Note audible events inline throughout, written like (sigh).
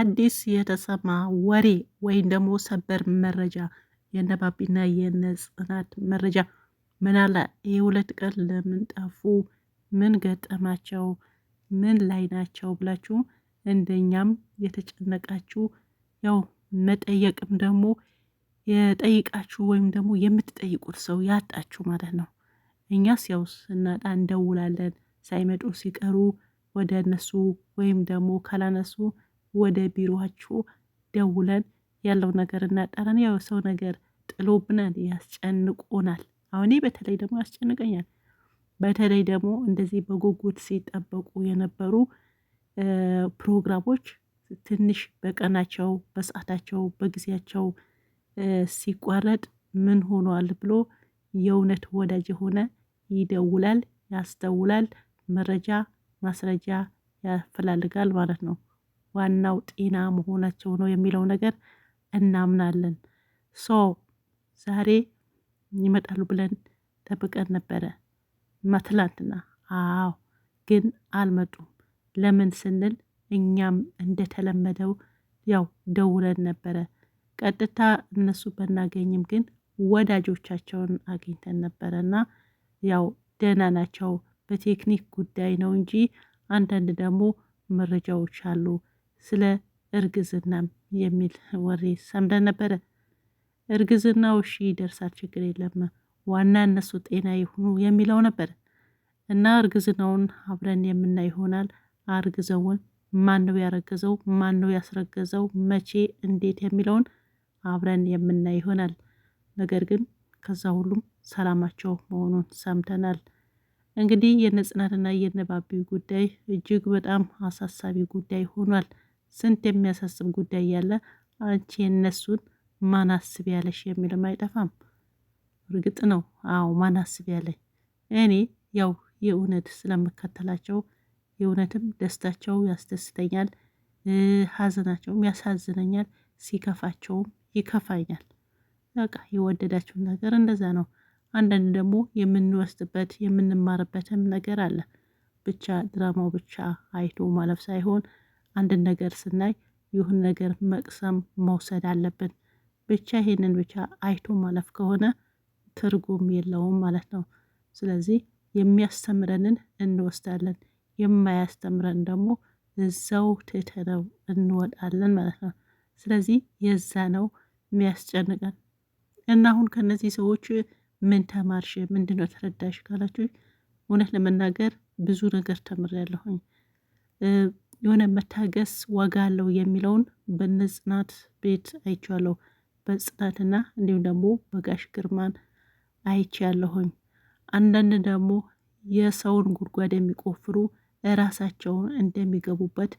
አዲስ የተሰማ ወሬ ወይም ደግሞ ሰበር መረጃ የነባቢና የነጽናት መረጃ ምን አለ? ይህ ሁለት ቀን ለምን ጠፉ? ምን ገጠማቸው? ምን ላይ ናቸው? ብላችሁ እንደኛም የተጨነቃችሁ ያው መጠየቅም ደግሞ የጠይቃችሁ ወይም ደግሞ የምትጠይቁት ሰው ያጣችሁ ማለት ነው። እኛስ ያው ስናጣ እንደውላለን። ሳይመጡ ሲቀሩ ወደ እነሱ ወይም ደግሞ ካላነሱ ወደ ቢሮችሁ ደውለን ያለው ነገር እናጣራን። ያው ሰው ነገር ጥሎብናል፣ ያስጨንቆናል። አሁን በተለይ ደግሞ ያስጨንቀኛል። በተለይ ደግሞ እንደዚህ በጉጉት ሲጠበቁ የነበሩ ፕሮግራሞች ትንሽ በቀናቸው፣ በሰዓታቸው፣ በጊዜያቸው ሲቋረጥ ምን ሆኗል ብሎ የእውነት ወዳጅ የሆነ ይደውላል፣ ያስደውላል። መረጃ ማስረጃ ያፈላልጋል ማለት ነው። ዋናው ጤና መሆናቸው ነው የሚለው ነገር እናምናለን። ሶ ዛሬ ይመጣሉ ብለን ጠብቀን ነበረ ትላንትና። አዎ ግን አልመጡም። ለምን ስንል እኛም እንደተለመደው ያው ደውለን ነበረ። ቀጥታ እነሱ በናገኝም ግን ወዳጆቻቸውን አግኝተን ነበረ እና ያው ደህና ናቸው። በቴክኒክ ጉዳይ ነው እንጂ አንዳንድ ደግሞ መረጃዎች አሉ። ስለ እርግዝናም የሚል ወሬ ሰምተን ነበረ። እርግዝናው እሺ ይደርሳል፣ ችግር የለም፣ ዋና እነሱ ጤና ይሁኑ የሚለው ነበር እና እርግዝናውን አብረን የምናይ ይሆናል። አርግዘውን ማን ነው ያረገዘው? ማን ነው ያስረገዘው? መቼ፣ እንዴት የሚለውን አብረን የምናይ ይሆናል። ነገር ግን ከዛ ሁሉም ሰላማቸው መሆኑን ሰምተናል። እንግዲህ የነጽናትና የንባቢ ጉዳይ እጅግ በጣም አሳሳቢ ጉዳይ ሆኗል። ስንት የሚያሳስብ ጉዳይ ያለ አንቺ የነሱን ማን አስብ ያለሽ የሚልም አይጠፋም። እርግጥ ነው አዎ፣ ማን አስብ ያለኝ እኔ ያው የእውነት ስለምከተላቸው የእውነትም ደስታቸው ያስደስተኛል፣ ሀዘናቸውም ያሳዝነኛል፣ ሲከፋቸውም ይከፋኛል። በቃ የወደዳችሁን ነገር እንደዛ ነው። አንዳንድ ደግሞ የምንወስድበት የምንማርበትም ነገር አለ። ብቻ ድራማው ብቻ አይቶ ማለፍ ሳይሆን አንድን ነገር ስናይ ይሁን ነገር መቅሰም መውሰድ አለብን። ብቻ ይሄንን ብቻ አይቶ ማለፍ ከሆነ ትርጉም የለውም ማለት ነው። ስለዚህ የሚያስተምረንን እንወስዳለን፣ የማያስተምረን ደግሞ እዛው ትተነው እንወጣለን ማለት ነው። ስለዚህ የዛ ነው የሚያስጨንቀን እና አሁን ከነዚህ ሰዎች ምን ተማርሽ? ምንድነው ተረዳሽ? ካላችሁ እውነት ለመናገር ብዙ ነገር ተምሬያለሁኝ። የሆነ መታገስ ዋጋ አለው የሚለውን በነጽናት ቤት አይቻለሁ። በጽናትና እንዲሁም ደግሞ በጋሽ ግርማን አይቻለሁኝ። አንዳንድ ደግሞ የሰውን ጉድጓድ የሚቆፍሩ እራሳቸውን እንደሚገቡበት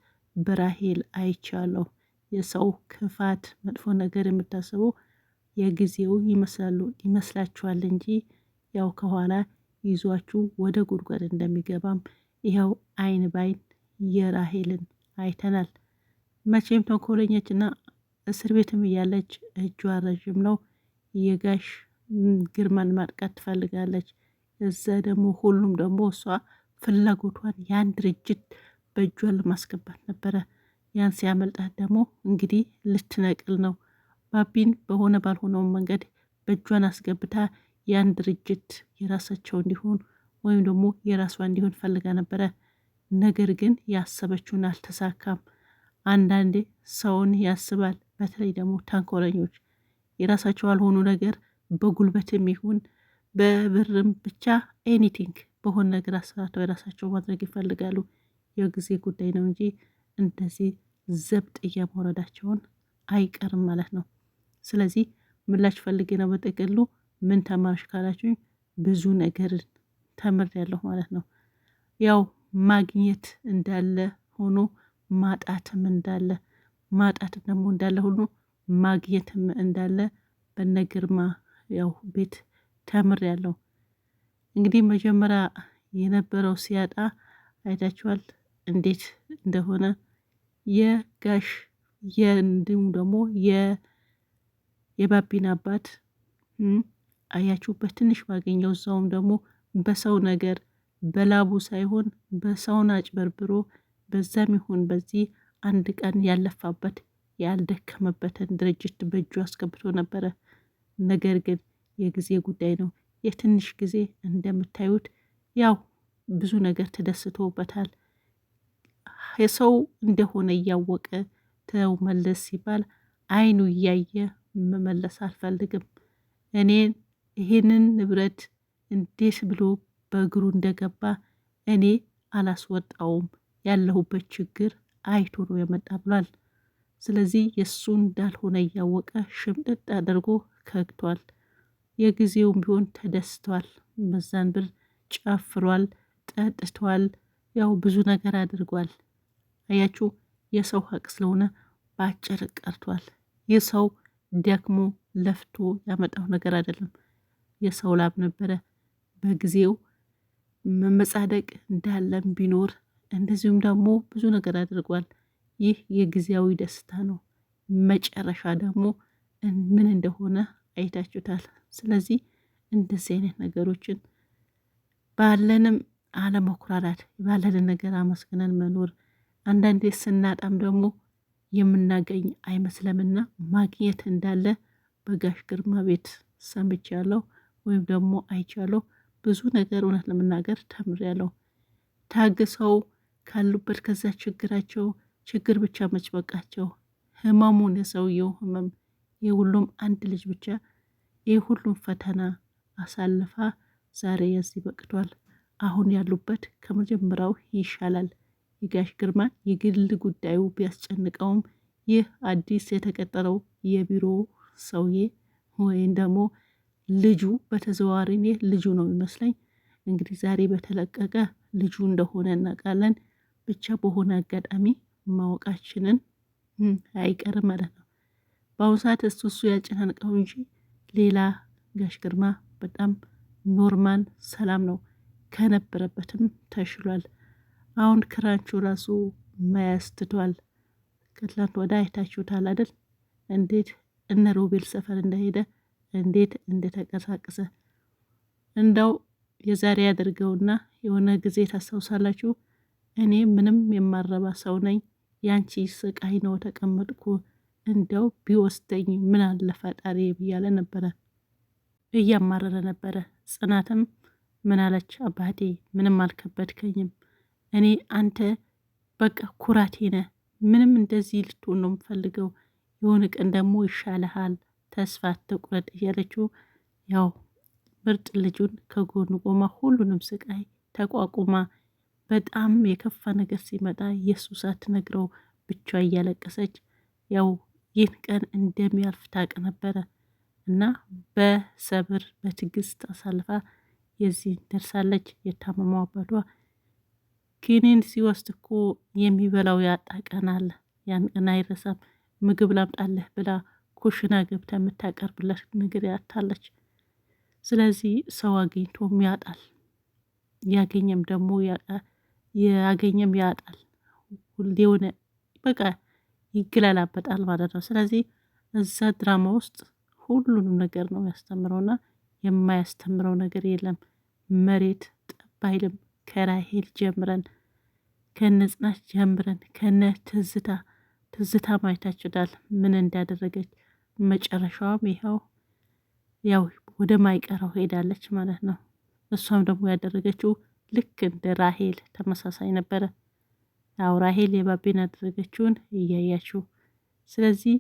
በራሄል አይቻለሁ። የሰው ክፋት፣ መጥፎ ነገር የምታስቡ የጊዜው ይመስላሉ ይመስላችኋል እንጂ ያው ከኋላ ይዟችሁ ወደ ጉድጓድ እንደሚገባም ይኸው አይን ባይን የራሄልን አይተናል። መቼም ተንኮለኛችና እስር ቤትም እያለች እጇ ረዥም ነው። የጋሽ ግርማን ማጥቃት ትፈልጋለች። እዛ ደግሞ ሁሉም ደግሞ እሷ ፍላጎቷን ያን ድርጅት በእጇን ለማስገባት ነበረ። ያን ሲያመልጣት ደግሞ እንግዲህ ልትነቅል ነው። ባቢን በሆነ ባልሆነው መንገድ በእጇን አስገብታ ያን ድርጅት የራሳቸው እንዲሆን ወይም ደግሞ የራሷ እንዲሆን ፈልጋ ነበረ። ነገር ግን ያሰበችውን አልተሳካም። አንዳንዴ ሰውን ያስባል። በተለይ ደግሞ ተንኮለኞች የራሳቸው ያልሆኑ ነገር በጉልበትም ይሁን በብርም ብቻ ኤኒቲንግ በሆነ ነገር አሰራተው የራሳቸው ማድረግ ይፈልጋሉ። የጊዜ ጉዳይ ነው እንጂ እንደዚህ ዘብጥ መውረዳቸውን አይቀርም ማለት ነው። ስለዚህ ምላሽ ፈልጌ ነው በጥቅሉ ምን ተማርሽ ካላችሁኝ ብዙ ነገርን ያለሁ ማለት ነው ያው ማግኘት እንዳለ ሆኖ ማጣትም እንዳለ ማጣት ደግሞ እንዳለ ሆኖ ማግኘትም እንዳለ በነግርማ ያው ቤት ተምር ያለው እንግዲህ መጀመሪያ የነበረው ሲያጣ አይታችኋል እንዴት እንደሆነ የጋሽ የእንዲሁም ደግሞ የባቢን አባት አያችሁ በትንሽ ባገኘው እዛውም ደግሞ በሰው ነገር በላቡ ሳይሆን በሰውን አጭበርብሮ በዛም ይሁን በዚህ አንድ ቀን ያለፋበት ያልደከመበትን ድርጅት በእጁ አስገብቶ ነበረ። ነገር ግን የጊዜ ጉዳይ ነው። የትንሽ ጊዜ እንደምታዩት ያው ብዙ ነገር ተደስቶበታል። የሰው እንደሆነ እያወቀ ተው መለስ ሲባል አይኑ እያየ መመለስ አልፈልግም እኔን ይህንን ንብረት እንዴት ብሎ በእግሩ እንደገባ እኔ አላስወጣውም ያለሁበት ችግር አይቶ ነው የመጣ ብሏል። ስለዚህ የእሱ እንዳልሆነ እያወቀ ሽምጥጥ አድርጎ ከግቷል። የጊዜውም ቢሆን ተደስቷል። በዛን ብር ጨፍሯል፣ ጠጥቷል፣ ያው ብዙ ነገር አድርጓል። አያችሁ የሰው ሀቅ ስለሆነ በአጭር ቀርቷል። ይህ ሰው ደክሞ ለፍቶ ያመጣው ነገር አይደለም። የሰው ላብ ነበረ በጊዜው መመጻደቅ እንዳለም ቢኖር እንደዚሁም ደግሞ ብዙ ነገር አድርጓል። ይህ የጊዜያዊ ደስታ ነው። መጨረሻ ደግሞ ምን እንደሆነ አይታችሁታል። ስለዚህ እንደዚህ አይነት ነገሮችን ባለንም አለመኩራራት፣ ባለንን ነገር አመስግነን መኖር አንዳንዴ ስናጣም ደግሞ የምናገኝ አይመስለምና ማግኘት እንዳለ በጋሽ ግርማ ቤት ሰምቻለሁ ወይም ደግሞ አይቻለሁ። ብዙ ነገር እውነት ለመናገር ተምሬያለሁ። ታግሰው ካሉበት ከዛ ችግራቸው ችግር ብቻ መች በቃቸው። ህመሙን የሰውየው ህመም የሁሉም አንድ ልጅ ብቻ ይህ ሁሉም ፈተና አሳልፋ ዛሬ የዚህ በቅቷል። አሁን ያሉበት ከመጀመሪያው ይሻላል። የጋሽ ግርማ የግል ጉዳዩ ቢያስጨንቀውም ይህ አዲስ የተቀጠረው የቢሮ ሰውዬ ወይም ደግሞ ልጁ በተዘዋዋሪ እኔ ልጁ ነው የሚመስለኝ። እንግዲህ ዛሬ በተለቀቀ ልጁ እንደሆነ እናውቃለን። ብቻ በሆነ አጋጣሚ ማወቃችንን አይቀርም ማለት ነው። በአሁኑ ሰዓት እሱ እሱ ያጨናንቀው እንጂ ሌላ ጋሽ ግርማ በጣም ኖርማል ሰላም ነው፣ ከነበረበትም ተሽሏል። አሁን ክራንቹ ራሱ ማያስትቷል። ከትላንት ወደ አይታችሁታል አይደል? እንዴት እነ ሮቤል ሰፈር እንደሄደ እንዴት እንደተቀሳቀሰ እንደው የዛሬ ያድርገውና የሆነ ጊዜ ታስታውሳላችሁ። እኔ ምንም የማረባ ሰው ነኝ፣ ያንቺ ስቃይ ነው ተቀመጥኩ፣ እንደው ቢወስደኝ ምን አለ ፈጣሪ ብያለ ነበረ፣ እያማረረ ነበረ። ጽናትም ምን አለች? አባቴ ምንም አልከበድከኝም፣ እኔ አንተ በቃ ኩራቴ ነህ። ምንም እንደዚህ ልትሆን ነው የምፈልገው፣ የሆነ ቀን ደግሞ ይሻልሃል ተስፋ አትቁረጥ እያለችው ያው ምርጥ ልጁን ከጎኑ ቆማ ሁሉንም ስቃይ ተቋቁማ በጣም የከፋ ነገር ሲመጣ የእሱ ሳትነግረው ብቻ እያለቀሰች ያው ይህን ቀን እንደሚያልፍ ታውቅ ነበረ እና በሰብር በትዕግስት አሳልፋ የዚህ ደርሳለች። የታመመው አባቷ ኪኒን ሲወስድ እኮ የሚበላው ያጣ ቀን አለ። ያን ቀን አይረሳም። ምግብ ላምጣለህ ብላ ኩሽና ገብታ የምታቀርብለት ነገር ያታለች። ስለዚህ ሰው አግኝቶም ያጣል፣ ያገኘም ደግሞ ያገኘም ያጣል። ሁሌ የሆነ በቃ ይገላላበጣል ማለት ነው። ስለዚህ እዛ ድራማ ውስጥ ሁሉንም ነገር ነው ያስተምረውና የማያስተምረው ነገር የለም። መሬት ጠብ አይልም። ከራሄል ጀምረን ከነ ጽናት ጀምረን ከነ ትዝታ ትዝታ ማየታችሁዳል ምን እንዳደረገች መጨረሻዋም ይኸው ያው ወደ ማይቀረው ሄዳለች ማለት ነው። እሷም ደግሞ ያደረገችው ልክ እንደ ራሄል ተመሳሳይ ነበረ። ያው ራሄል የባቤን ያደረገችውን እያያችው። ስለዚህ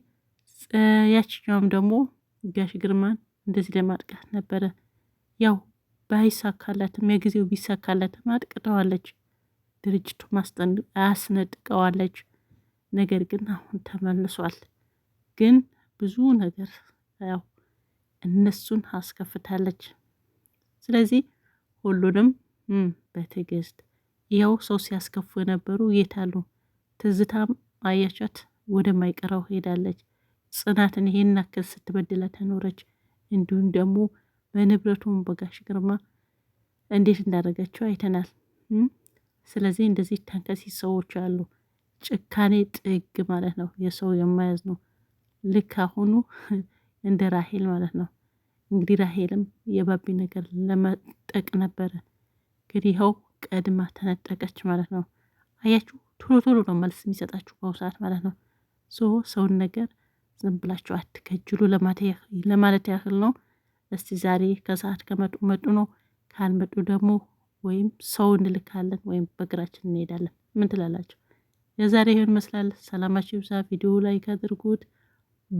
ያችኛውም ደግሞ ጋሽ ግርማን እንደዚህ ለማጥቃት ነበረ። ያው ባይሳካላትም የጊዜው ቢሳካላትም አጥቅተዋለች። ድርጅቱ ማስጠንቀቅ አያስነጥቀዋለች። ነገር ግን አሁን ተመልሷል ግን ብዙ ነገር ያው እነሱን አስከፍታለች። ስለዚህ ሁሉንም በትዕግስት ያው ሰው ሲያስከፉ የነበሩ የታሉ? ትዝታም አያቻት ወደማይቀረው ሄዳለች። ጽናትን ይሄን ያክል ስትበድላ ተኖረች። እንዲሁም ደግሞ በንብረቱም በጋሽ ግርማ እንዴት እንዳደረገችው አይተናል። ስለዚህ እንደዚህ ተንከሲ ሰዎች አሉ። ጭካኔ ጥግ ማለት ነው። የሰው የማያዝ ነው። ልክ አሁኑ (laughs) እንደ ራሄል ማለት ነው። እንግዲህ ራሄልም የባቢ ነገር ለመጠቅ ነበረ እንግዲህ ይኸው ቀድማ ተነጠቀች ማለት ነው። አያችሁ ቶሎ ቶሎ ነው መልስ የሚሰጣችሁ በአሁኑ ሰዓት ማለት ነው። ሶ ሰውን ነገር ዝም ብላችሁ አትከጅሉ ለማለት ያህል ነው። እስቲ ዛሬ ከሰዓት ከመጡ መጡ ነው፣ ካልመጡ ደግሞ ወይም ሰው እንልካለን ወይም በእግራችን እንሄዳለን። ምን ትላላችሁ? የዛሬ ይሆን ይመስላል። ሰላማችሁ ይብዛ። ቪዲዮ ላይ ካድርጉት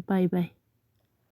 拜拜。